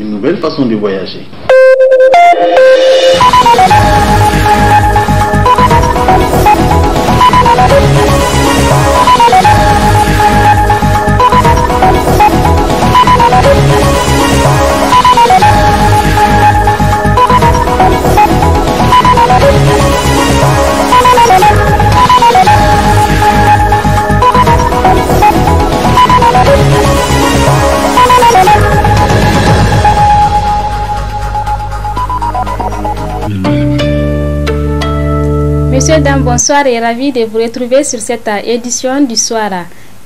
une nouvelle façon de voyager. madame, bonsoir et ravi de vous retrouver sur cette euh, édition du soir.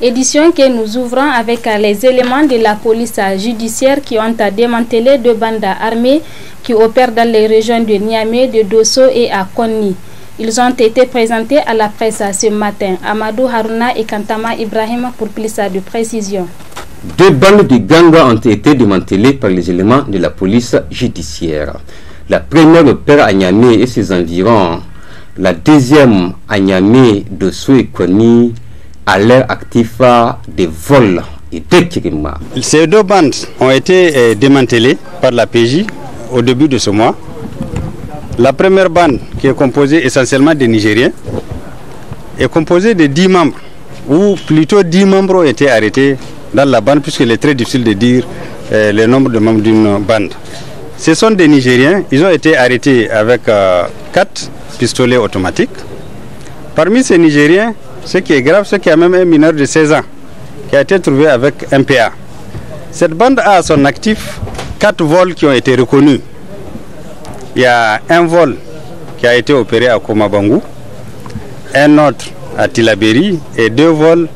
Édition que nous ouvrons avec euh, les éléments de la police judiciaire qui ont euh, démantelé deux bandes armées qui opèrent dans les régions de Niamey, de Dosso et à Konni. Ils ont été présentés à la presse ce matin. Amadou Haruna et Kantama Ibrahim pour plus de précision. Deux bandes de gangs ont été démantelées par les éléments de la police judiciaire. La première opère à Niamey et ses environs la deuxième à de ceux connus à l'heure actif des vols et Ces deux bandes ont été euh, démantelées par la PJ au début de ce mois. La première bande, qui est composée essentiellement des Nigériens, est composée de 10 membres, ou plutôt 10 membres ont été arrêtés dans la bande, puisqu'il est très difficile de dire euh, le nombre de membres d'une bande. Ce sont des Nigériens, ils ont été arrêtés avec 4 euh, pistolet automatique. Parmi ces Nigériens, ce qui est grave, c'est qu'il y a même un mineur de 16 ans qui a été trouvé avec un Cette bande a à son actif quatre vols qui ont été reconnus. Il y a un vol qui a été opéré à Komabangu, un autre à Tilaberi et deux vols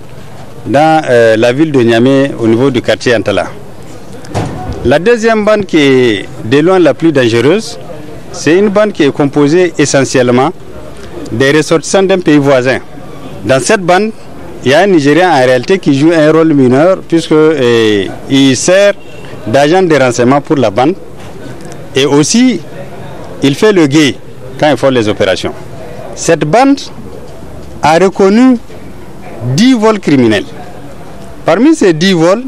dans euh, la ville de Niamey au niveau du quartier Antala. La deuxième bande qui est de loin la plus dangereuse, c'est une bande qui est composée essentiellement des ressortissants d'un pays voisin. Dans cette bande, il y a un Nigérien en réalité qui joue un rôle mineur puisqu'il eh, sert d'agent de renseignement pour la bande et aussi il fait le guet quand il faut les opérations. Cette bande a reconnu 10 vols criminels. Parmi ces 10 vols,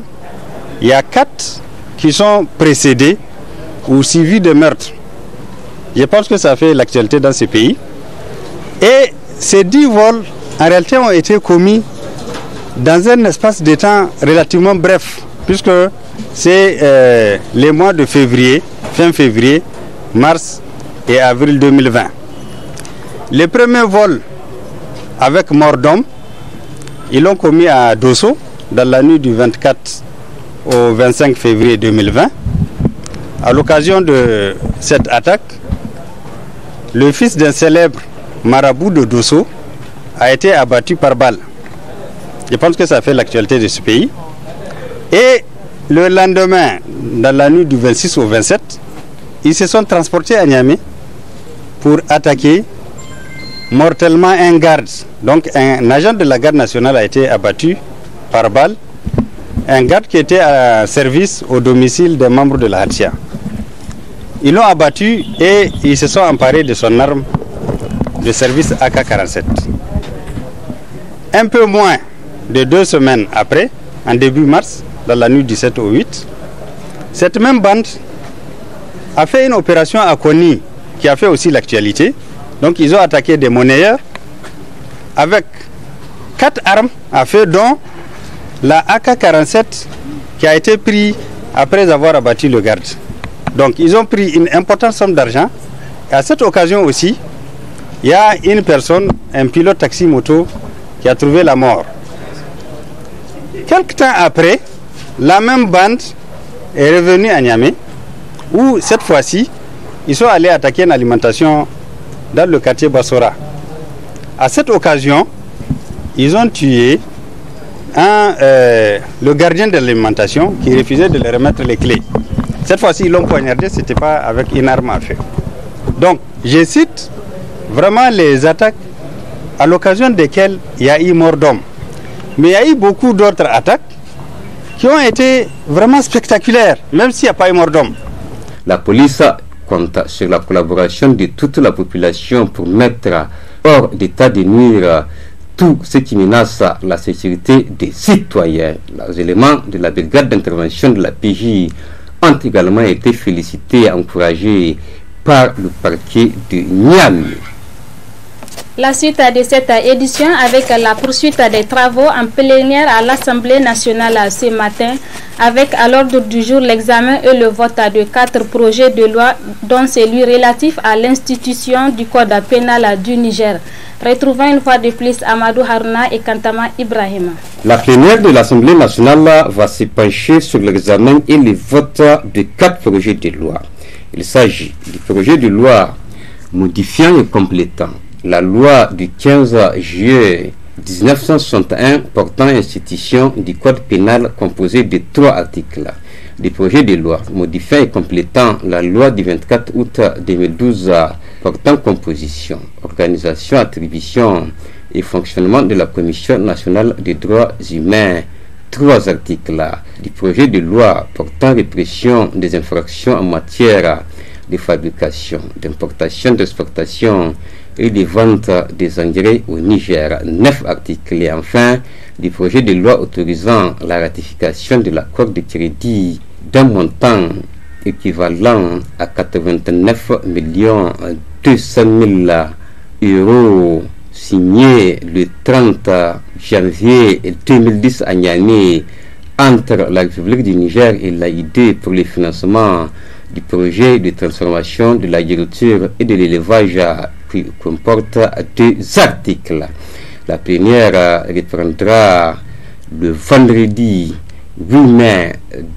il y a 4 qui sont précédés ou suivis de meurtres. Je pense que ça fait l'actualité dans ces pays. Et ces dix vols, en réalité, ont été commis dans un espace de temps relativement bref, puisque c'est euh, les mois de février, fin février, mars et avril 2020. Les premiers vols avec mort d'homme, ils l'ont commis à Dosso dans la nuit du 24 au 25 février 2020. À l'occasion de cette attaque, le fils d'un célèbre marabout de Dosso a été abattu par balle. Je pense que ça fait l'actualité de ce pays. Et le lendemain, dans la nuit du 26 au 27, ils se sont transportés à Niamey pour attaquer mortellement un garde. Donc un agent de la garde nationale a été abattu par balle, un garde qui était à service au domicile des membres de la HATIA. Ils l'ont abattu et ils se sont emparés de son arme de service AK-47. Un peu moins de deux semaines après, en début mars, dans la nuit 17 au 8, cette même bande a fait une opération à Kony qui a fait aussi l'actualité. Donc ils ont attaqué des monnayeurs avec quatre armes à feu dont la AK-47 qui a été prise après avoir abattu le garde. Donc ils ont pris une importante somme d'argent. à cette occasion aussi, il y a une personne, un pilote taxi-moto, qui a trouvé la mort. Quelque temps après, la même bande est revenue à Niamey, où cette fois-ci, ils sont allés attaquer une alimentation dans le quartier Bassora. À cette occasion, ils ont tué un, euh, le gardien de l'alimentation qui refusait de leur remettre les clés. Cette fois-ci, ils l'ont poignardé, ce n'était pas avec une arme à feu. Donc, je cite vraiment les attaques à l'occasion desquelles il y a eu mort d'homme. Mais il y a eu beaucoup d'autres attaques qui ont été vraiment spectaculaires, même s'il n'y a pas eu mort d'homme. La police compte sur la collaboration de toute la population pour mettre hors d'état de nuire tout ce qui menace la sécurité des citoyens. Les éléments de la brigade d'intervention de la PJ également été félicités et par le parquet de Niamey. La suite de cette édition avec la poursuite des travaux en plénière à l'Assemblée nationale ce matin avec à l'ordre du jour l'examen et le vote de quatre projets de loi dont celui relatif à l'institution du Code pénal du Niger retrouvant une fois de plus Amadou Harna et Kantama Ibrahim. La plénière de l'Assemblée nationale va se pencher sur l'examen et le vote de quatre projets de loi. Il s'agit du projet de loi modifiant et complétant la loi du 15 juillet 1961 portant institution du Code pénal composé de trois articles. Des projet de loi modifiant et complétant la loi du 24 août 2012 euh, portant composition, organisation, attribution et fonctionnement de la Commission nationale des droits humains. Trois articles euh, du projet de loi portant répression des infractions en matière de fabrication, d'importation, d'exportation et de vente des engrais au Niger. Neuf articles et enfin du projet de loi autorisant la ratification de l'accord de crédit d'un montant équivalent à 89 200 000 euros signé le 30 janvier 2010 à Niani entre la République du Niger et l'AID pour le financement du projet de transformation de l'agriculture et de l'élevage qui comporte deux articles. La plénière euh, reprendra le vendredi 8 mai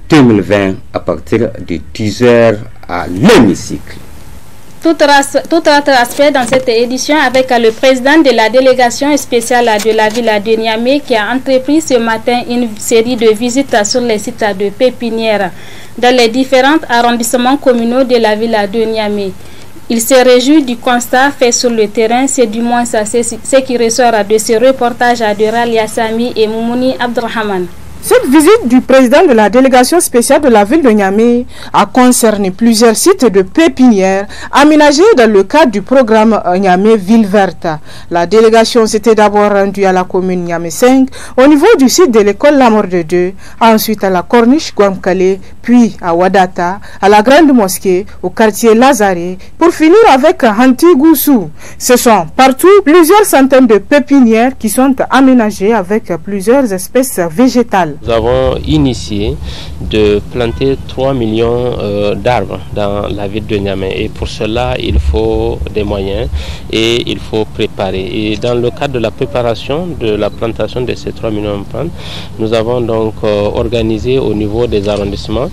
2020 à partir de 10h à l'hémicycle. Tout, tout, autre aspect dans cette édition avec euh, le président de la délégation spéciale de la ville de Niamey qui a entrepris ce matin une série de visites sur les sites de pépinières dans les différents arrondissements communaux de la ville de Niamey. Il se réjouit du constat fait sur le terrain, c'est du moins ce qui ressort de ce reportage à Dural Yassami et Moumouni Abdurrahman. Cette visite du président de la délégation spéciale de la ville de Niamey a concerné plusieurs sites de pépinières aménagés dans le cadre du programme euh, Niamey Ville Verte. La délégation s'était d'abord rendue à la commune Niamey 5 au niveau du site de l'école La Mort de Deux, ensuite à la corniche Guamkale, puis à Wadata, à la Grande Mosquée, au quartier Lazare, pour finir avec Hantigoussou. Ce sont partout plusieurs centaines de pépinières qui sont aménagées avec plusieurs espèces végétales. Nous avons initié de planter 3 millions euh, d'arbres dans la ville de Niamey. Et pour cela, il faut des moyens et il faut préparer. Et dans le cadre de la préparation de la plantation de ces 3 millions de nous avons donc euh, organisé au niveau des arrondissements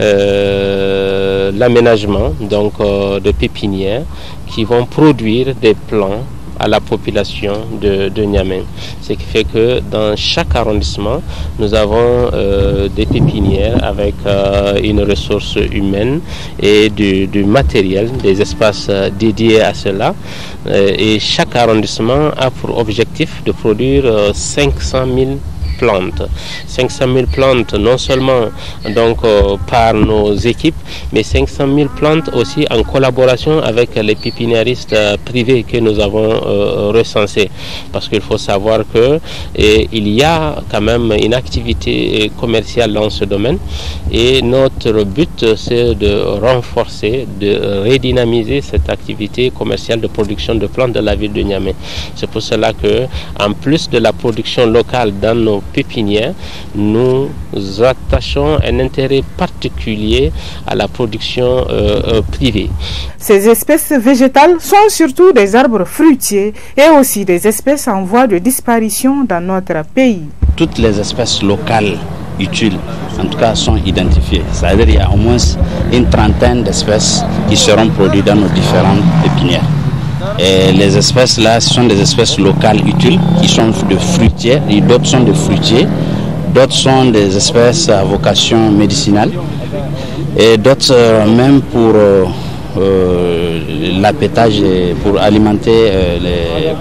euh, l'aménagement donc de pépinières qui vont produire des plants à la population de, de Niamey. Ce qui fait que dans chaque arrondissement, nous avons euh, des pépinières avec euh, une ressource humaine et du, du, matériel, des espaces euh, dédiés à cela. Et chaque arrondissement a pour objectif de produire 500 000 plantes. 500 000 plantes non seulement donc, euh, par nos équipes, mais 500 000 plantes aussi en collaboration avec les pépiniéristes euh, privés que nous avons euh, recensés. Parce qu'il faut savoir que il y a quand même une activité commerciale dans ce domaine et notre but c'est de renforcer, de redynamiser cette activité commerciale de production de plantes de la ville de Niamey. C'est pour cela que en plus de la production locale dans nos pépinière, nous attachons un intérêt particulier à la production euh, euh, privée. Ces espèces végétales sont surtout des arbres fruitiers et aussi des espèces en voie de disparition dans notre pays. Toutes les espèces locales utiles, en tout cas, sont identifiées. C'est-à-dire qu'il y a au moins une trentaine d'espèces qui seront produites dans nos différentes pépinières les espèces là sont des espèces locales utiles qui sont de fruitiers, d'autres sont de fruitiers, d'autres sont des espèces à vocation médicinale et d'autres euh, même pour euh, euh, l'appétage pour alimenter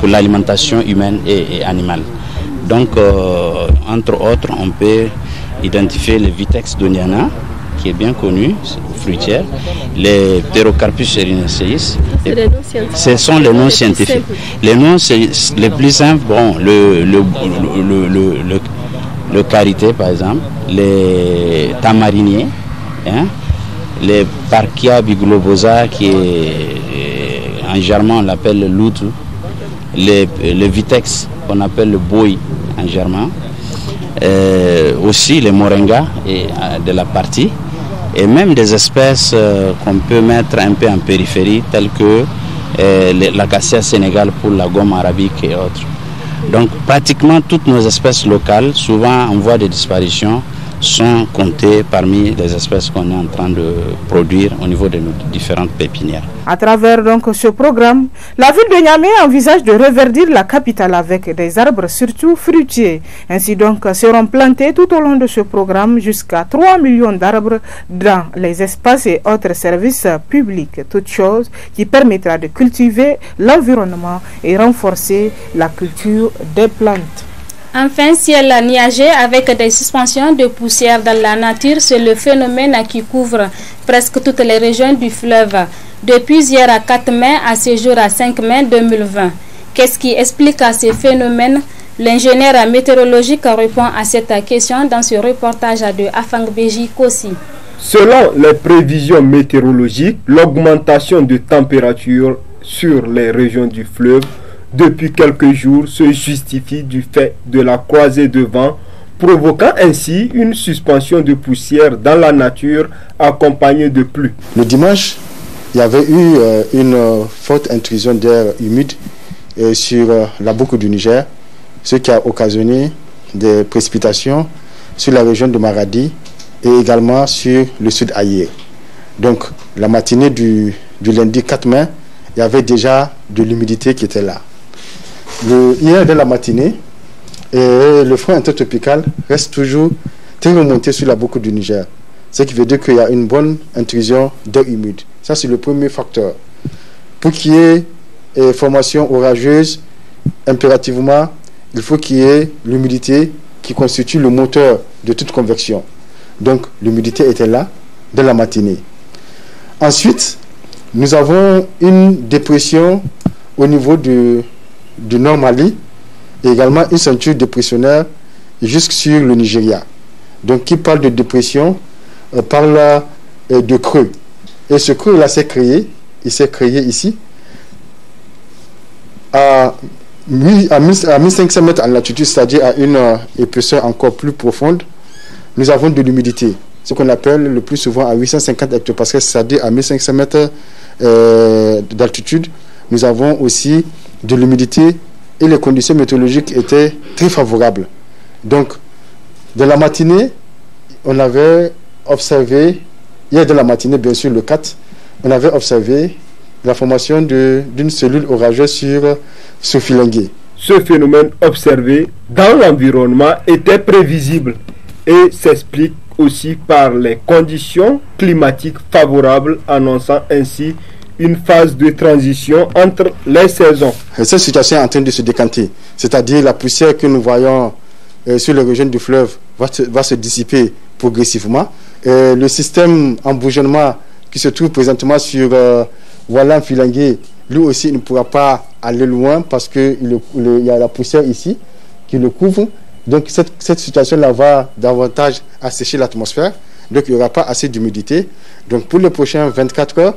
l'alimentation humaine et, animale. Donc entre autres on peut identifier le vitex doniana qui est bien connu, fruitière, les pterocarpus erinaceus Ce sont les noms scientifiques. Les noms les plus simples, bon, le, le, le, carité par exemple, les tamariniers, hein, les Parkia biglobosa qui est, euh, en germain on l'appelle le loutre, les, euh, vitex qu'on appelle le boy en germain, euh, aussi les moringas et, de la partie et même des espèces euh, qu'on peut mettre un peu en périphérie, telles que euh, l'acacia sénégal pour la gomme arabique et autres. Donc pratiquement toutes nos espèces locales, souvent en voie de disparition, sont comptés parmi les espèces qu'on est en train de produire au niveau de nos différentes pépinières. À travers donc ce programme, la ville de Niamey envisage de reverdir la capitale avec des arbres surtout fruitiers. Ainsi donc seront plantés tout au long de ce programme jusqu'à 3 millions d'arbres dans les espaces et autres services publics, toute chose qui permettra de cultiver l'environnement et renforcer la culture des plantes. Enfin, ciel niagé avec des suspensions de poussière dans la nature, c'est le phénomène qui couvre presque toutes les régions du fleuve depuis hier à 4 mai à ce jour à 5 mai 2020. Qu'est-ce qui explique à ces phénomènes L'ingénieur météorologique répond à cette question dans ce reportage de Afang Béji Kossi. Selon les prévisions météorologiques, l'augmentation de température sur les régions du fleuve depuis quelques jours se justifie du fait de la croisée de vent, provoquant ainsi une suspension de poussière dans la nature accompagnée de pluie. Le dimanche, il y avait eu euh, une euh, forte intrusion d'air humide euh, sur la boucle du Niger, ce qui a occasionné des précipitations sur la région de Maradi et également sur le sud Aïe. Donc, la matinée du, du lundi 4 mai, il y avait déjà de l'humidité qui était là hier dès la matinée, et le front intertropical reste toujours très remonté sur la boucle du Niger. Ce qui veut dire qu'il y a une bonne intrusion d'air humide. Ça, c'est le premier facteur. Pour qu'il y ait eh, formation orageuse, impérativement, il faut qu'il y ait l'humidité qui constitue le moteur de toute convection. Donc, l'humidité était là dès la matinée. Ensuite, nous avons une dépression au niveau du du Nord Mali et également une ceinture dépressionnaire jusque sur le Nigeria. Donc qui parle de dépression euh, parle euh, de creux. Et ce creux-là s'est créé, il s'est créé ici, à, à, 1500 mètres en latitude, c'est-à-dire à une euh, épaisseur encore plus profonde, nous avons de l'humidité, ce qu'on appelle le plus souvent à 850 que c'est-à-dire à 1500 mètres d'altitude. Nous avons aussi de l'humidité et les conditions météorologiques étaient très favorables. Donc, de la matinée, on avait observé, hier de la matinée, bien sûr, le 4, on avait observé la formation d'une cellule orageuse sur Sofilingué. Ce phénomène observé dans l'environnement était prévisible et s'explique aussi par les conditions climatiques favorables, annonçant ainsi une phase de transition entre les saisons. cette situation est en train de se décanter, c'est-à-dire la poussière que nous voyons euh, sur les régions du fleuve va, se dissiper progressivement. le système en bourgeonnement qui se trouve présentement sur euh, Wallan lui aussi ne pourra pas aller loin parce qu'il y a la poussière ici qui le couvre. Donc cette, cette situation-là va davantage assécher l'atmosphère. Donc il n'y aura pas assez d'humidité. Donc pour les prochains 24 heures,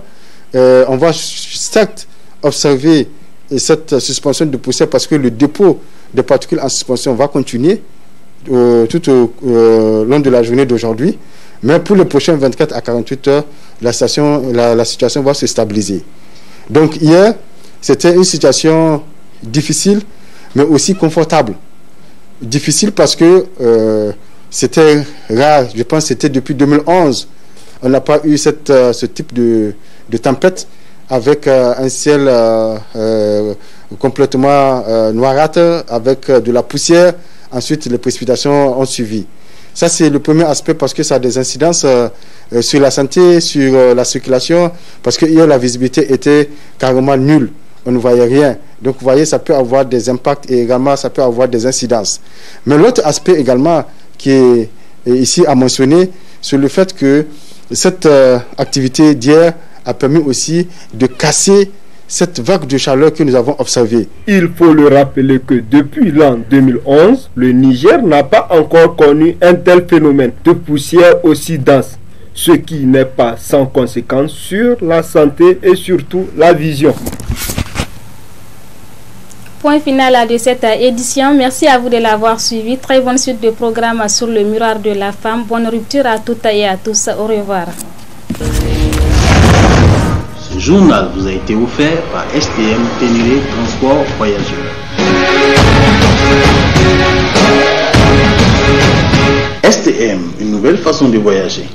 euh, on va certes observer euh, cette suspension de poussière parce que le dépôt de particules en suspension va continuer euh, tout au long de la journée d'aujourd'hui. Mais pour les prochains 24 à 48 heures, la, station, la, situation va se stabiliser. Donc hier, c'était une situation difficile, mais aussi confortable. Difficile parce que c'était rare, je pense c'était depuis 2011 on n'a pas eu cette, euh, ce type de, tempête avec euh, un ciel euh, complètement noirâtre, avec de la poussière. Ensuite, les précipitations ont suivi. Ça, c'est le premier aspect parce que ça a des incidences sur la santé, sur la circulation, parce que hier, la visibilité était carrément nulle. On ne voyait rien. Donc, vous voyez, ça peut avoir des impacts et également, ça peut avoir des incidences. Mais l'autre aspect également qui est, est ici à mentionner, c'est le fait que cette euh, activité d'hier a permis aussi de casser cette vague de chaleur que nous avons observée. Il faut le rappeler que depuis l'an 2011, le Niger n'a pas encore connu un tel phénomène de poussière aussi dense, ce qui n'est pas sans conséquence sur la santé et surtout la vision. Point final de cette édition. Merci à vous de l'avoir suivi. Très bonne suite de programme sur le miroir de la femme. Bonne rupture à toutes et à tous. Au revoir. Ce journal vous a été offert par STM Ténéré Transport Voyageurs. STM, une nouvelle façon de voyager.